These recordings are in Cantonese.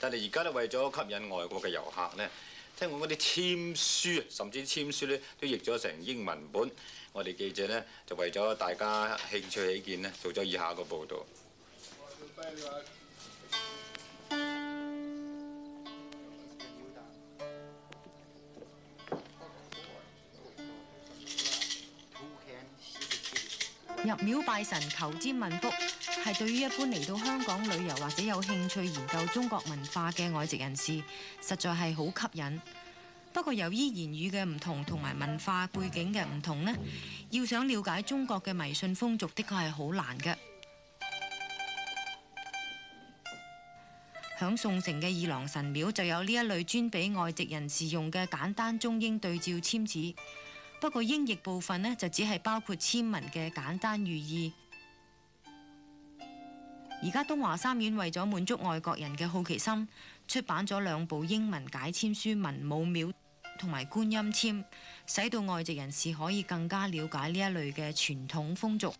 但係而家都為咗吸引外國嘅遊客咧，聽講嗰啲簽書啊，甚至簽書咧都譯咗成英文本。我哋記者咧就為咗大家興趣起見咧，做咗以下一個報導。入廟拜神求籤問卜，係對於一般嚟到香港旅遊或者有興趣研究中國文化嘅外籍人士，實在係好吸引。不過，由於言語嘅唔同同埋文化背景嘅唔同呢，要想了解中國嘅迷信風俗，的確係好難嘅。響宋城嘅二郎神廟就有呢一類專俾外籍人士用嘅簡單中英對照簽紙。不過英譯部分呢，就只係包括簽文嘅簡單寓意。而家東華三院為咗滿足外國人嘅好奇心，出版咗兩部英文解簽書《文武廟》同埋《觀音簽》，使到外籍人士可以更加了解呢一類嘅傳統風俗。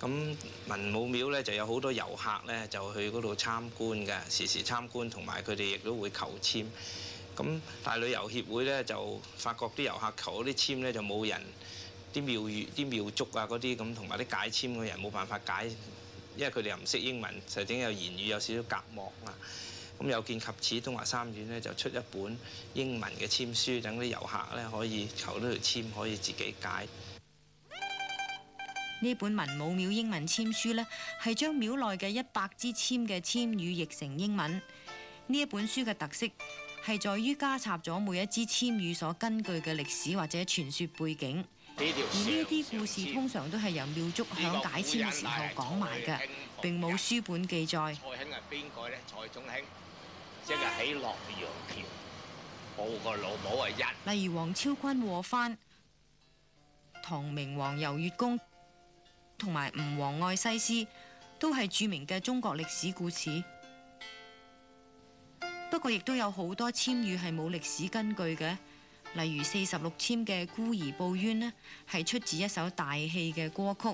咁文武廟咧，就有好多遊客咧，就去嗰度參觀嘅，時時參觀，同埋佢哋亦都會求簽。咁、嗯，大旅遊協會咧就發覺啲遊客求嗰啲簽咧就冇人啲廟宇、啲廟祝啊嗰啲咁，同埋啲解簽嘅人冇辦法解，因為佢哋又唔識英文，實整有言語有少少隔膜啊。咁有見及此，東華三院咧就出一本英文嘅簽書，等啲遊客咧可以求呢條簽，可以自己解。呢本文武廟英文簽書咧係將廟內嘅一百支簽嘅簽語譯成英文。呢一本書嘅特色，係在於加插咗每一支簽語所根據嘅歷史或者傳說背景，而呢啲故事像通常都係由廟祝喺解簽嘅時候講埋嘅，並冇書本記載。蔡興係邊個呢？蔡中興，即係喺洛陽橋保個老母啊！一例如王昭君和番、唐明皇遊月宮，同埋吳王愛西施，都係著名嘅中國歷史故事。亦都有好多簽語係冇歷史根據嘅，例如四十六簽嘅孤兒報冤呢，係出自一首大戲嘅歌曲；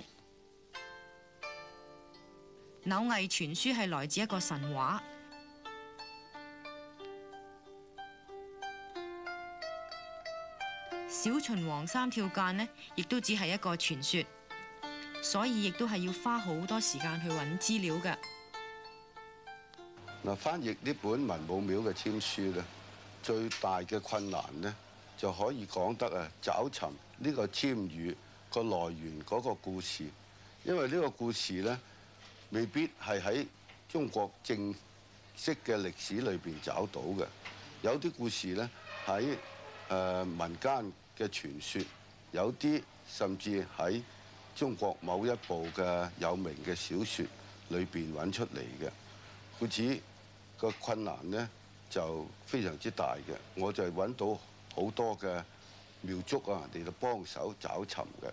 柳毅傳書係來自一個神話；小秦王三跳間呢，亦都只係一個傳說，所以亦都係要花好多時間去揾資料嘅。嗱，翻譯呢本文武廟嘅簽書咧，最大嘅困難咧，就可以講得啊，找尋呢個簽語個來源嗰個故事，因為呢個故事咧，未必係喺中國正式嘅歷史裏邊找到嘅，有啲故事咧喺，誒，民間嘅傳說，有啲甚至喺中國某一部嘅有名嘅小說裏邊揾出嚟嘅，故此。個困難咧就非常之大嘅，我就揾到好多嘅廟祝啊，人哋嘅幫手找尋嘅。